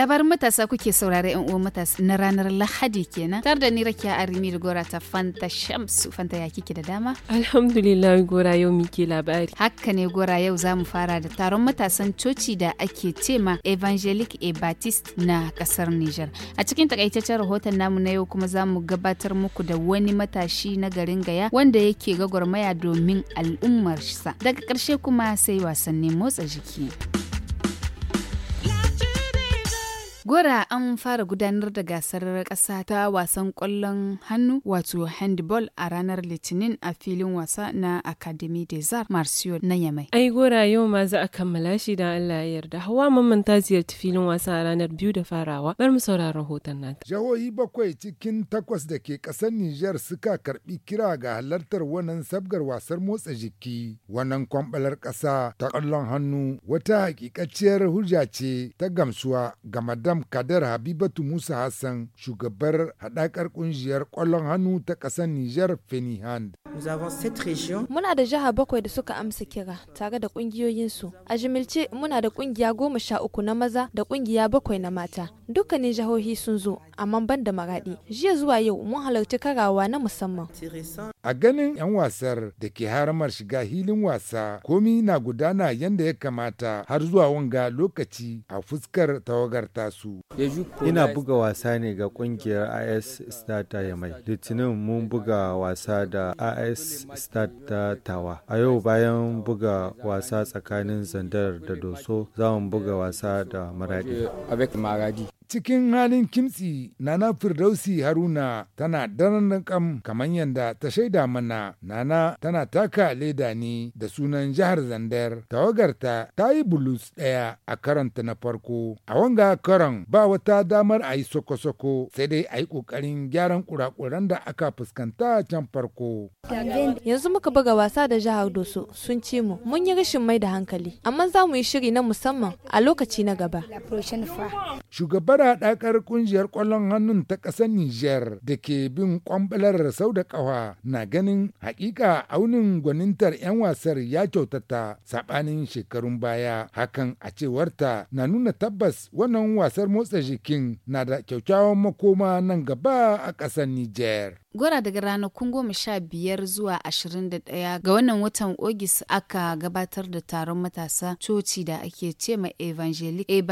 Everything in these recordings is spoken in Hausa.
Labarin matasa kuke saurare yan uwan matasa na ranar Lahadi kenan. Tar da ni Rakiya Arimi da Gora ta Fanta Shamsu. Fanta ya kike da dama? Alhamdulillah Gora yau muke labari. Haka ne Gora yau za mu fara da taron matasan coci da ake cema Evangelic e Baptist na kasar Niger. A cikin takaitaccen rahoton namu na yau kuma za mu gabatar muku da wani matashi na garin Gaya wanda yake gagwarmaya domin al'ummar sa. Daga karshe kuma sai wasannin motsa jiki. Gora an fara gudanar da gasar ƙasa ta wasan ƙwallon hannu wato handball a ranar Litinin a filin wasa na Academy des Arts Marcio na Yamai. Ai gora yau ma za a kammala shi da Allah ya yarda. Hawa mamman ta ziyarci filin wasa a ranar biyu da farawa. Bar mu sauraron rahoton nata. Jihohi bakwai cikin takwas da ke ƙasar Nijar suka karbi kira ga halartar wannan sabgar wasar motsa jiki. Wannan kwambalar ƙasa ta ƙwallon hannu wata hakikaciyar hujja ce ta gamsuwa ga madam Madam Kadar Habibatu Musa Hassan, shugabar haɗakar ƙungiyar ƙwallon hannu ta ƙasar Nijar Fenihand, Muna da jiha bakwai da suka amsa kira tare da kungiyoyinsu. A jimilce muna da kungiya goma sha uku na maza da kungiya bakwai na mata. Dukkanin jihohi sun zo amma ban da maradi. Jiya zuwa yau mun halarci karawa na musamman. A ganin 'yan wasar da ke haramar shiga hilin wasa komi na gudana yadda ya kamata har zuwa wanga lokaci a fuskar tawagar tasu. Ina buga wasa ne ga kungiyar IS Stata Yamai. Litinin mun buga wasa da as ta tawa a yau bayan buga wasa tsakanin zandar da doso za mu buga wasa da maradi cikin halin kimtsi nana firdausi haruna tana daren kam kamar yadda ta shaida mana nana tana taka leda ni da sunan jihar zandar tawagarta ta yi bulus ɗaya a karanta na farko a wanga karon ba wata damar a yi soko-soko sai dai a yi ƙoƙarin gyaran kurakuran da aka fuskanta can farko yanzu muka buga wasa da jihar doso sun ci mu mun yi rashin mai da hankali amma za mu yi shiri na musamman a lokaci na gaba shugabar Shugabar dakar ƙungiyar ƙwallon hannun ta ƙasar Nijar da ke bin ƙwamɓalar sau da ƙawa na ganin haƙiƙa aunin gwanintar 'yan wasar ya kyautata saɓanin shekarun baya. Hakan a cewarta na nuna tabbas wannan wasar motsa jikin na da kyakkyawan makoma nan gaba a ƙasar Nijar. Gora daga ranakun goma sha biyar zuwa ashirin da ɗaya ga wannan watan Ogis aka gabatar da taron matasa coci da ake ce ma Evangelic A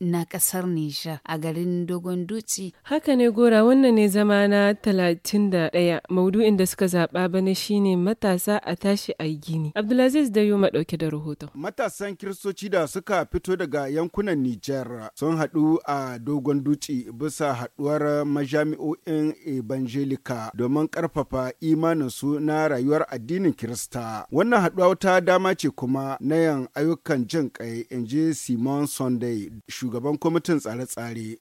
na ƙasar Nijar a garin Dogon Duci. Haka ne Gora wannan ne zama na talatin da ɗaya maudu'in da suka zaɓa bane shine matasa a tashi a gini. Abdulaziz da Yuma ɗauke da rahoto. Matasan kiristoci da suka fito daga yankunan Nijar sun haɗu a Dogon Duci bisa haɗuwar majami'o'in Evangelic Amurka domin ƙarfafa imaninsu na rayuwar addinin Kirista. Wannan haɗuwa wata dama ce kuma na yan ayyukan jin ƙai in ji Simon Sunday, shugaban kwamitin tsare-tsare.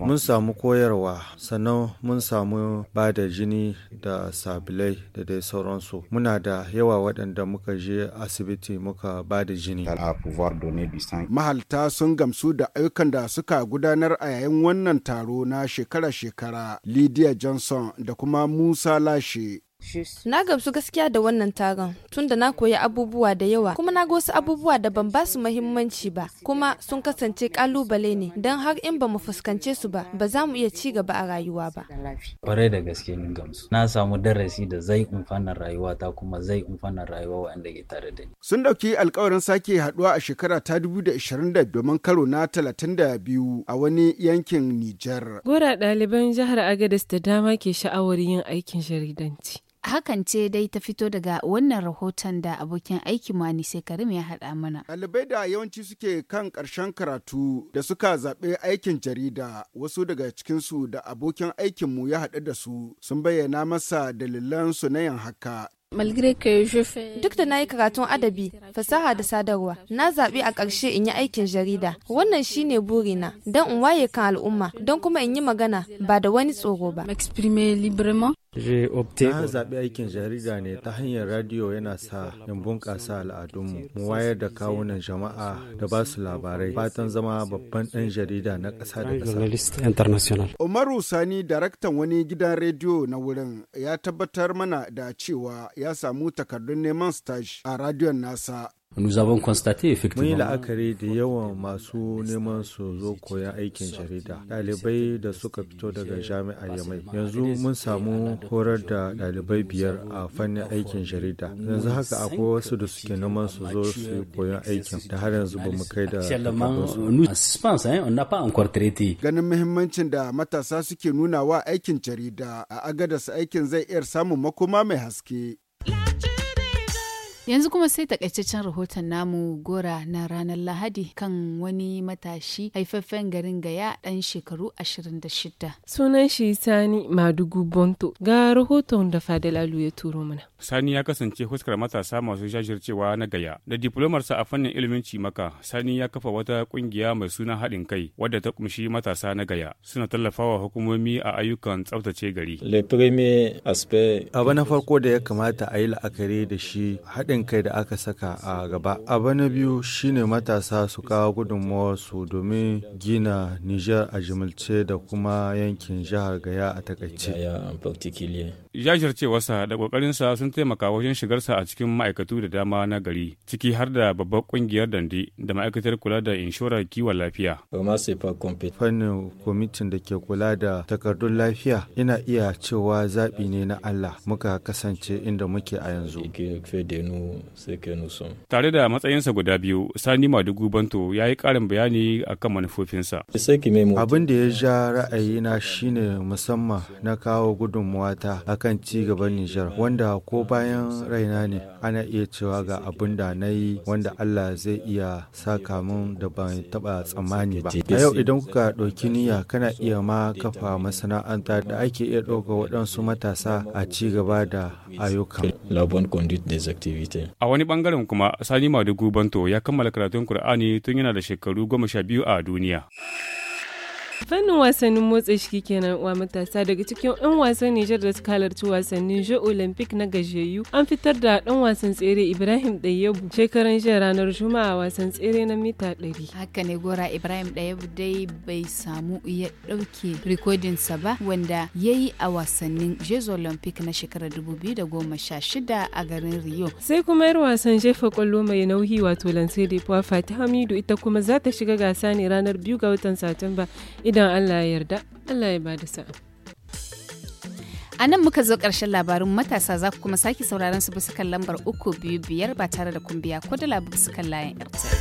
Mun samu koyarwa, sannan mun samu ba da jini da sabilai da dai sauransu. Muna da yawa waɗanda muka je asibiti muka ba da jini. Mahalta sun gamsu da ayyukan da suka gudanar a yayin wannan taro na shekara-shekara. Lydia Johnson da kuma Musa Lashe. Na gamsu gaskiya da wannan taron tunda na koyi abubuwa da yawa kuma na ga wasu abubuwa da ban basu muhimmanci ba kuma sun kasance kalubale ne don har in ba mu fuskance su ba ba za mu iya ci gaba a rayuwa ba. Kwarai da gaske ni gamsu. Na samu darasi da zai umfana rayuwa ta kuma zai umfana rayuwa waɗanda ke tare da ni. Sun ɗauki alkawarin sake haɗuwa a shekara ta da domin karo na talatin da biyu a wani yankin Nijar. Gora ɗaliban jihar Agadez da dama ke sha'awar yin aikin jaridanci. Hakan ce dai ta fito daga wannan rahoton da abokin aiki Mani Karim ya haɗa mana. Ɗalibai da yawanci suke kan ƙarshen karatu da suka zaɓi aikin jarida wasu daga cikinsu da abokin aikinmu ya haɗu da su sun bayyana masa dalilan su na yin haka Duk da na yi karatun adabi, fasaha da sadarwa, na zaɓi a ƙarshe in yi aikin jarida. Wannan shi ne burina, don in waye kan al'umma, don kuma in yi magana ba da wani tsoro ba. Na zaɓi aikin jarida ne ta hanyar radiyo yana sa in bunƙasa al'adunmu, mu wayar da kawunan jama'a da ba su labarai, fatan zama babban ɗan jarida na ƙasa da ƙasa. Umaru Sani, daraktan wani gidan rediyo na wurin, ya tabbatar mana da cewa ya samu takardun neman stage a radiyon nasa. nous avons constaté effectivement mun yi la'akari da yawan masu neman su zo koyan aikin jarida dalibai da suka fito daga jami'ar yamai yanzu mun samu horar da dalibai biyar a fannin aikin jarida yanzu haka akwai wasu da suke neman su zo su yi koyon aikin da har yanzu ba mu kai da ganin muhimmancin da matasa suke nuna wa aikin jarida a agadas aikin zai iya samun makoma mai haske Yanzu kuma sai takaitaccen rahoton namu gora na ranar Lahadi kan wani matashi haifaffen garin Gaya ɗan shekaru 26. Sunan shi Sani Madugu Bonto ga rahoton da Fadel Alu ya turo mana. Sani ya kasance fuskar matasa masu jajircewa na Gaya. Da diplomarsa a fannin ilimin cimaka, Sani ya kafa wata kungiya mai suna haɗin kai wadda ta kumshi matasa na Gaya. Suna tallafawa hukumomi a ayyukan tsaftace gari. Abu na farko da ya kamata a yi la'akari da shi haɗin kai da aka saka a gaba. Abu na biyu shine matasa su kawo gudunmawarsu domin gina nija a jimilce da kuma yankin jihar Gaya a takaice. Jajircewarsa da ƙoƙarinsa sun taimaka wajen shigarsa a cikin ma'aikatu da dama na gari, ciki har da babbar ƙungiyar dande da ma'aikatar kula da inshorar kiwon lafiya. Fannin kwamitin da ke kula da takardun lafiya ina iya cewa zaɓi ne na Allah muka kasance inda muke a yanzu. Tare da matsayinsa guda biyu, Sani Madugu Banto ya yi ƙarin bayani akan manufofinsa. Abin da ya ja ra'ayina shine musamman na kawo gudunmuwata kan ci gaban Nijar, wanda ko bayan raina ne ana iya cewa ga abin da na yi wanda Allah zai iya saka min da ban taɓa tsammani ba. A yau idan kuka ɗauki niyya kana iya ma kafa masana'anta da ake iya ɗauka waɗansu matasa a ci gaba da ayyukan. La bonne conduite des activités. A wani bangaren kuma Sani Madugu Banto ya kammala karatun Kur'ani tun yana da shekaru goma sha biyu a duniya. Fannin wasannin motsa shi kenan wa matasa daga cikin 'yan wasan Nijar da suka halarci wasannin Jeux Olympic na gajiyayyu an fitar da dan wasan tsere Ibrahim Dayabu shekaran jiya ranar Juma'a wasan tsere na mita ɗari. Haka ne gora Ibrahim Dayabu dai bai samu ya ɗauke sa ba wanda ya yi a wasannin Jeux Olympic na shekarar shida a garin Rio. Sai kuma 'yar wasan jefa kwallo mai nauyi wato Lansede Fatiha Hamidu ita kuma za ta shiga gasa ne ranar biyu ga watan Satumba Idan Allah ya yarda, Allah ya bada sa'a. A nan muka zo ƙarshen labarin matasa za ku kuma sake sauraron su bisa kan lambar uku biyu biyar ba tare da kumbiya ko da labu bisa kan layin 'yarta.